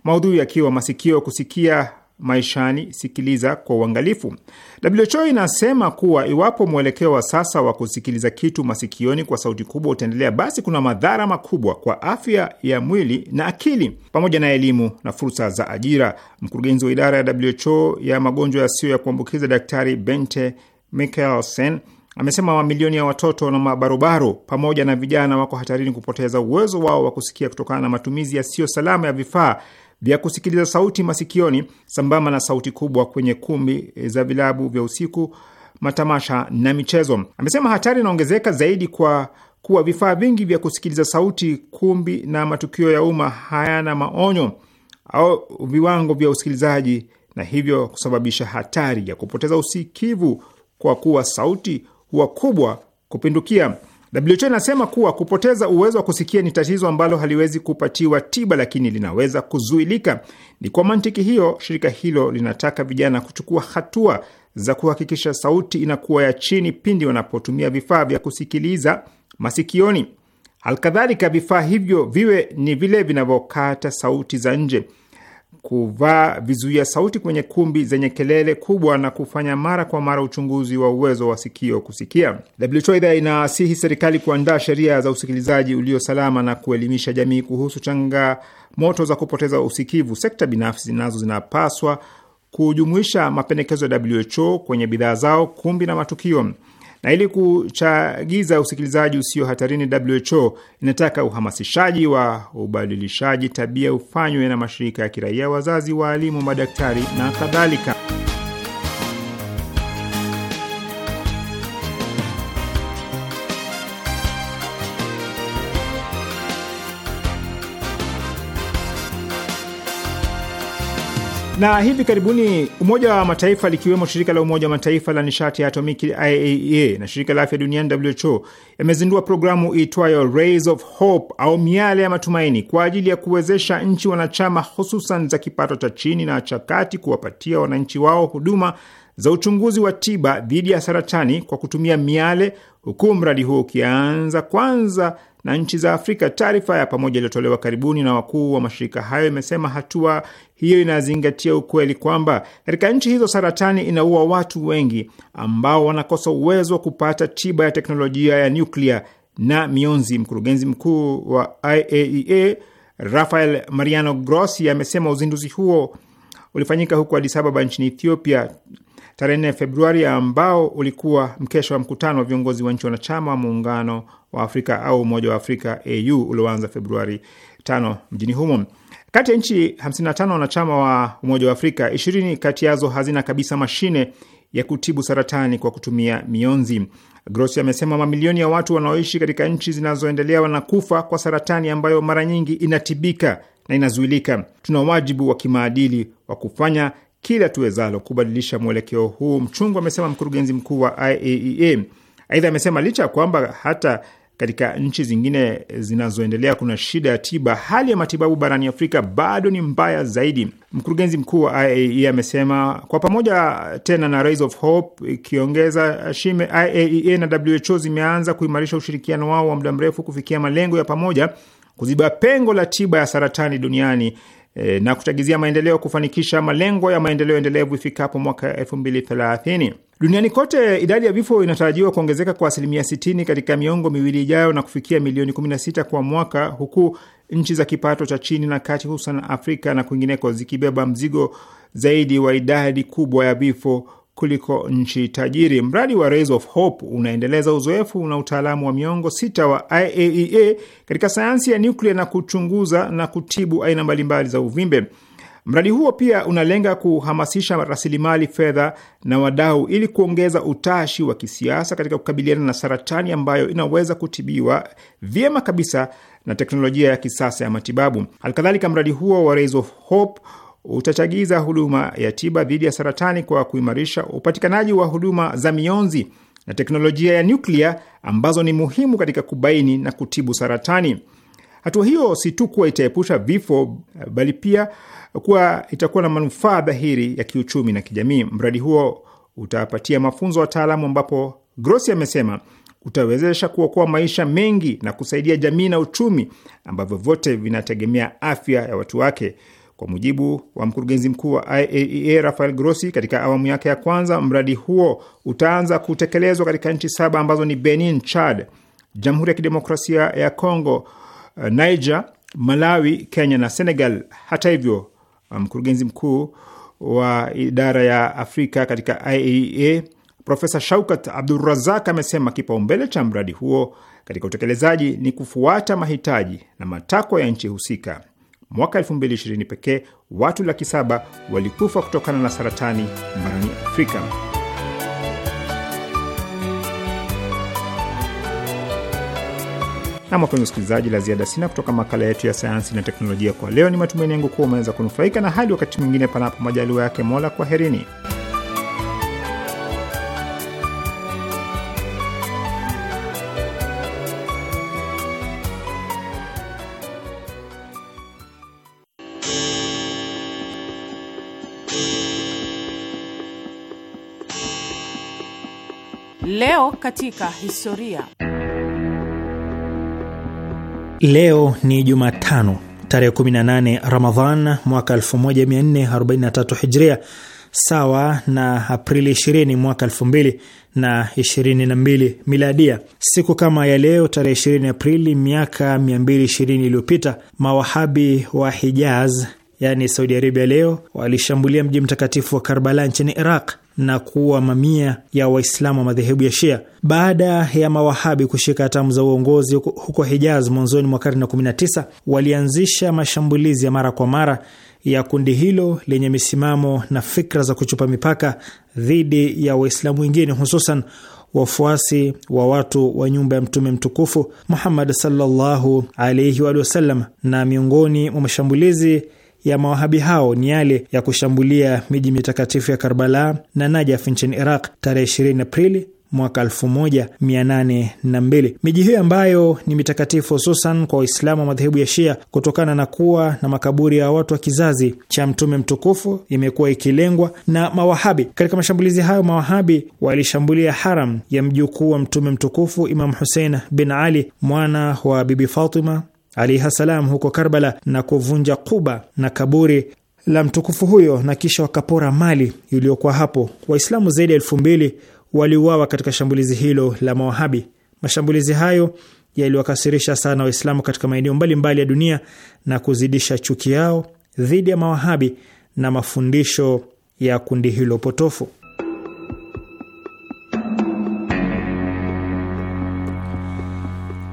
maudhui yakiwa masikio kusikia maishani, sikiliza kwa uangalifu. WHO inasema kuwa iwapo mwelekeo wa sasa wa kusikiliza kitu masikioni kwa sauti kubwa utaendelea, basi kuna madhara makubwa kwa afya ya mwili na akili, pamoja na elimu na fursa za ajira. Mkurugenzi wa idara ya WHO ya magonjwa yasiyo ya kuambukiza, Daktari Bente Mikkelsen amesema mamilioni ya watoto na mabarobaro pamoja na vijana wako hatarini kupoteza uwezo wao wa kusikia kutokana na matumizi yasiyo salama ya vifaa vya kusikiliza sauti masikioni sambamba na sauti kubwa kwenye kumbi e, za vilabu vya usiku, matamasha na michezo. Amesema hatari inaongezeka zaidi kwa kuwa vifaa vingi vya kusikiliza sauti, kumbi na matukio ya umma hayana maonyo au viwango vya usikilizaji na hivyo kusababisha hatari ya kupoteza usikivu kwa kuwa sauti huwa kubwa kupindukia. WHO inasema kuwa kupoteza uwezo wa kusikia ni tatizo ambalo haliwezi kupatiwa tiba, lakini linaweza kuzuilika. Ni kwa mantiki hiyo, shirika hilo linataka vijana kuchukua hatua za kuhakikisha sauti inakuwa ya chini pindi wanapotumia vifaa vya kusikiliza masikioni. Alkadhalika, vifaa hivyo viwe ni vile vinavyokata sauti za nje kuvaa vizuia sauti kwenye kumbi zenye kelele kubwa na kufanya mara kwa mara uchunguzi wa uwezo wa sikio kusikia. WHO aidha inaasihi serikali kuandaa sheria za usikilizaji ulio salama na kuelimisha jamii kuhusu changamoto za kupoteza usikivu. Sekta binafsi nazo zinapaswa kujumuisha mapendekezo ya WHO kwenye bidhaa zao, kumbi na matukio. Na ili kuchagiza usikilizaji usio hatarini, WHO inataka uhamasishaji wa ubadilishaji tabia ufanywe na mashirika ya kiraia, wazazi, waalimu, madaktari na kadhalika. Na hivi karibuni Umoja wa Mataifa likiwemo shirika la Umoja wa Mataifa la nishati ya atomiki IAEA e, na shirika la afya duniani WHO yamezindua programu iitwayo Rays of Hope au miale ya matumaini kwa ajili ya kuwezesha nchi wanachama, hususan za kipato cha chini na cha kati, kuwapatia wananchi wao huduma za uchunguzi wa tiba dhidi ya saratani kwa kutumia miale, huku mradi huo ukianza kwanza na nchi za Afrika. Taarifa ya pamoja iliyotolewa karibuni na wakuu wa mashirika hayo imesema hatua hiyo inazingatia ukweli kwamba katika nchi hizo saratani inaua watu wengi ambao wanakosa uwezo wa kupata tiba ya teknolojia ya nyuklia na mionzi. Mkurugenzi mkuu wa IAEA e Rafael Mariano Grossi amesema uzinduzi huo ulifanyika huko Addis Ababa nchini Ethiopia tarehe 4 Februari, ambao ulikuwa mkesha wa mkutano wa viongozi wa nchi wanachama wa muungano wa Afrika au Umoja wa Afrika au ulioanza Februari 5 mjini humo. Kati ya nchi 55 wanachama wa Umoja wa Afrika, ishirini kati yazo hazina kabisa mashine ya kutibu saratani kwa kutumia mionzi. Grossi amesema mamilioni ya watu wanaoishi katika nchi zinazoendelea wanakufa kwa saratani ambayo mara nyingi inatibika na inazuilika. Tuna wajibu wa kimaadili wa kufanya kila tuwezalo kubadilisha mwelekeo huu mchungu, amesema mkurugenzi mkuu wa IAEA. E Aidha amesema licha ya kwamba hata katika nchi zingine zinazoendelea kuna shida ya tiba, hali ya matibabu barani Afrika bado ni mbaya zaidi. Mkurugenzi mkuu wa IAEA e amesema kwa pamoja tena na Rise of Hope ikiongeza shime, IAEA e na WHO zimeanza kuimarisha ushirikiano wao wa muda mrefu kufikia malengo ya pamoja kuziba pengo la tiba ya saratani duniani E, na kuchagizia maendeleo kufanikisha malengo ya maendeleo endelevu ifikapo mwaka 2030. Duniani kote idadi ya vifo inatarajiwa kuongezeka kwa asilimia 60 katika miongo miwili ijayo na kufikia milioni 16 kwa mwaka, huku nchi za kipato cha chini na kati, hususan Afrika na kwingineko, zikibeba mzigo zaidi wa idadi kubwa ya vifo kuliko nchi tajiri. Mradi wa Rays of Hope unaendeleza uzoefu na utaalamu wa miongo sita wa IAEA e katika sayansi ya nyuklia na kuchunguza na kutibu aina mbalimbali za uvimbe. Mradi huo pia unalenga kuhamasisha rasilimali fedha na wadau ili kuongeza utashi wa kisiasa katika kukabiliana na saratani ambayo inaweza kutibiwa vyema kabisa na teknolojia ya kisasa ya matibabu. Halikadhalika, mradi huo wa Rays of Hope utachagiza huduma ya tiba dhidi ya saratani kwa kuimarisha upatikanaji wa huduma za mionzi na teknolojia ya nyuklia ambazo ni muhimu katika kubaini na kutibu saratani. Hatua hiyo si tu kuwa itaepusha vifo, bali pia kuwa itakuwa na manufaa dhahiri ya kiuchumi na kijamii. Mradi huo utapatia mafunzo wataalamu, ambapo Grossi amesema utawezesha kuokoa maisha mengi na kusaidia jamii na uchumi ambavyo vyote vinategemea afya ya watu wake. Kwa mujibu wa mkurugenzi mkuu wa IAEA e Rafael Grossi, katika awamu yake ya kwanza mradi huo utaanza kutekelezwa katika nchi saba ambazo ni Benin, Chad, Jamhuri ya Kidemokrasia ya congo eh, Niger, Malawi, Kenya na Senegal. Hata hivyo, eh, mkurugenzi mkuu wa idara ya Afrika katika IAEA e Profesa Shaukat Abdurazak amesema kipaumbele cha mradi huo katika utekelezaji ni kufuata mahitaji na matakwa ya nchi husika mwaka 2020 pekee watu laki saba walikufa kutokana na saratani barani Afrika. Na wapenzi usikilizaji la ziada sina kutoka makala yetu ya sayansi na teknolojia kwa leo. Ni matumaini yangu kuwa umeweza kunufaika, na hadi wakati mwingine, panapo majaliwa yake Mola, kwaherini. Leo katika historia. Leo ni Jumatano tarehe 18 Ramadhan mwaka 1443 Hijria, sawa na Aprili 20 mwaka 2022 Miladia. Siku kama ya leo tarehe 20 Aprili miaka 220 iliyopita mawahabi wa Hijaz, yani Saudi Arabia, leo walishambulia mji mtakatifu wa Karbala nchini Iraq na kuua mamia ya Waislamu wa madhehebu ya Shia. Baada ya mawahabi kushika hatamu za uongozi huko Hijaz mwanzoni mwa karne ya 19, walianzisha mashambulizi ya mara kwa mara ya kundi hilo lenye misimamo na fikra za kuchupa mipaka dhidi ya Waislamu wengine hususan wafuasi wa watu wa nyumba ya Mtume mtukufu Muhammad sallallahu alaihi wa sallam. Na miongoni mwa mashambulizi ya mawahabi hao ni yale ya kushambulia miji mitakatifu ya Karbala na Najaf nchini Iraq tarehe 20 Aprili mwaka 1802. Miji hiyo ambayo ni mitakatifu hususan kwa Waislamu wa madhehebu ya Shia kutokana na kuwa na makaburi ya watu wa kizazi cha mtume mtukufu imekuwa ikilengwa na mawahabi. Katika mashambulizi hayo, mawahabi walishambulia haram ya mjukuu wa mtume mtukufu Imam husein bin Ali mwana wa Bibi Fatima alaihi ssalam huko Karbala na kuvunja kuba na kaburi la mtukufu huyo na kisha wakapora mali iliyokuwa hapo. Waislamu zaidi ya elfu mbili waliuawa katika shambulizi hilo la Mawahabi. Mashambulizi hayo yaliwakasirisha sana Waislamu katika maeneo mbalimbali ya dunia na kuzidisha chuki yao dhidi ya Mawahabi na mafundisho ya kundi hilo potofu.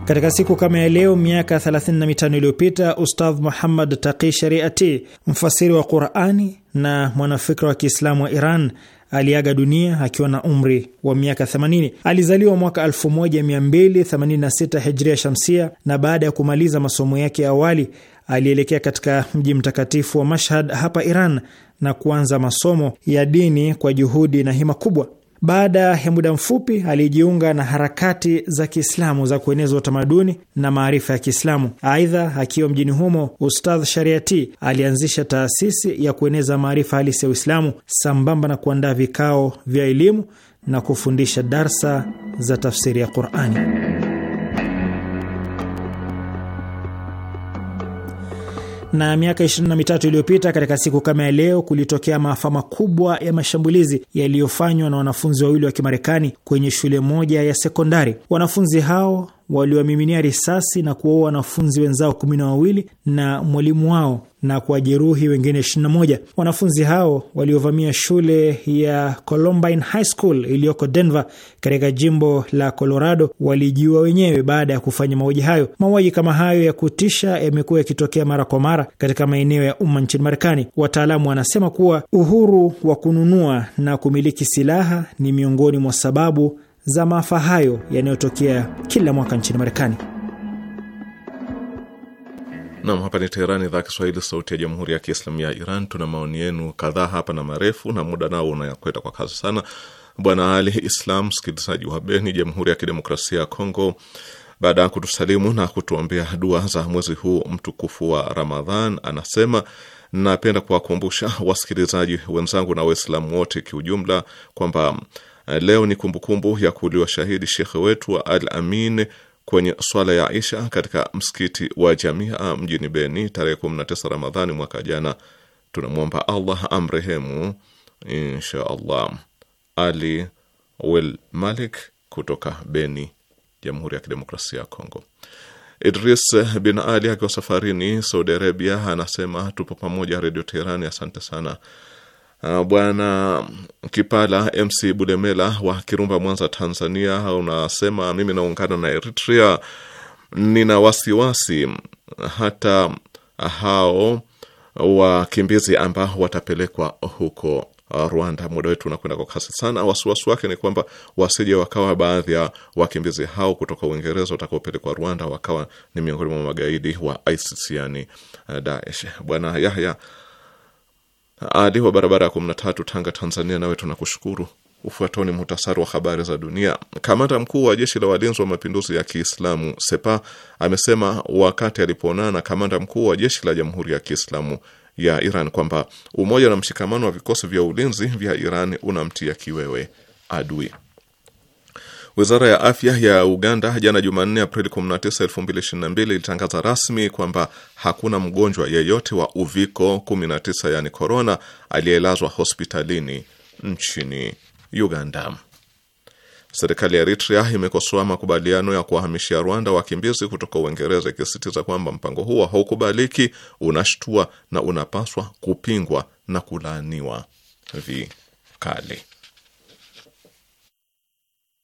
Katika siku kama ya leo miaka 35 iliyopita Ustadh Muhammad Taqi Shariati, mfasiri wa Qurani na mwanafikra wa Kiislamu wa Iran, aliaga dunia akiwa na umri wa miaka 80. Alizaliwa mwaka 1286 Hijria Shamsia, na baada ya kumaliza masomo yake ya awali alielekea katika mji mtakatifu wa Mashhad hapa Iran na kuanza masomo ya dini kwa juhudi na hima kubwa. Baada ya muda mfupi, alijiunga na harakati za Kiislamu za kueneza utamaduni na maarifa ya Kiislamu. Aidha, akiwa mjini humo, Ustadh Shariati alianzisha taasisi ya kueneza maarifa halisi ya Uislamu sambamba na kuandaa vikao vya elimu na kufundisha darsa za tafsiri ya Qurani. Na miaka 23 iliyopita katika siku kama ya leo kulitokea maafa makubwa ya mashambulizi yaliyofanywa na wanafunzi wawili wa Kimarekani kwenye shule moja ya sekondari. Wanafunzi hao waliwamiminia risasi na kuwaua wanafunzi wenzao kumi na wawili na mwalimu wao na kuwajeruhi wengine 21. Wanafunzi hao waliovamia shule ya Columbine High School iliyoko Denver katika jimbo la Colorado walijiua wenyewe baada ya kufanya mauaji hayo. Mauaji kama hayo ya kutisha yamekuwa yakitokea mara kwa mara katika maeneo ya umma nchini Marekani. Wataalamu wanasema kuwa uhuru wa kununua na kumiliki silaha ni miongoni mwa sababu za maafa hayo yanayotokea kila mwaka nchini Marekani. Nam, hapa ni Teherani, idhaa Kiswahili, sauti ya jamhuri ya kiislamu ya Iran. Tuna maoni yenu kadhaa hapa na marefu, na muda nao unakwenda kwa kasi sana. Bwana Ali Islam, msikilizaji wa Beni, Jamhuri ya Kidemokrasia ya Kongo, baada ya kutusalimu na kutuambia dua za mwezi huu mtukufu wa Ramadhan, anasema napenda kuwakumbusha wasikilizaji wenzangu na Waislamu wote kiujumla kwamba Eh, leo ni kumbukumbu kumbu ya kuuliwa shahidi shekhe wetu wa Al Amin kwenye swala ya Isha katika msikiti wa Jamia ah, mjini Beni tarehe 19 Ramadhani mwaka jana. Tunamwomba Allah amrehemu insha Allah. Ali Wil Malik kutoka Beni, Jamhuri ya Kidemokrasia ya Kongo. Idris bin Ali akiwa safarini Saudi Arabia anasema tupo pamoja, Redio Teherani. Asante sana. Ah, Bwana Kipala MC Bulemela wa Kirumba, Mwanza, Tanzania, unasema mimi naungana na Eritrea, nina wasiwasi hata hao wakimbizi ambao watapelekwa huko Rwanda. Muda wetu unakwenda kwa kasi sana. Wasiwasi wake ni kwamba wasije wakawa baadhi ya wakimbizi hao kutoka Uingereza watakaopelekwa Rwanda wakawa ni miongoni mwa magaidi wa ISIS, yani Daesh. Bwana Yahya ali wa barabara ya tatu, Tanga, Tanzania, nawe tunakushukuru. Ufuatao ni muhtasari wa habari za dunia. Kamanda mkuu wa jeshi la walinzi wa mapinduzi ya Kiislamu Sepa amesema wakati alipoonana na kamanda mkuu wa jeshi la jamhuri ya Kiislamu ya Iran kwamba umoja na mshikamano wa vikosi vya ulinzi vya Iran unamtia kiwewe adui. Wizara ya afya ya Uganda jana Jumanne, Aprili 19, 2022 ilitangaza rasmi kwamba hakuna mgonjwa yeyote wa uviko 19, yani korona, aliyelazwa hospitalini nchini Uganda. Serikali ya Eritrea imekosoa makubaliano ya kuwahamishia Rwanda wakimbizi kutoka Uingereza, ikisisitiza kwamba mpango huo haukubaliki, unashtua na unapaswa kupingwa na kulaaniwa vikali.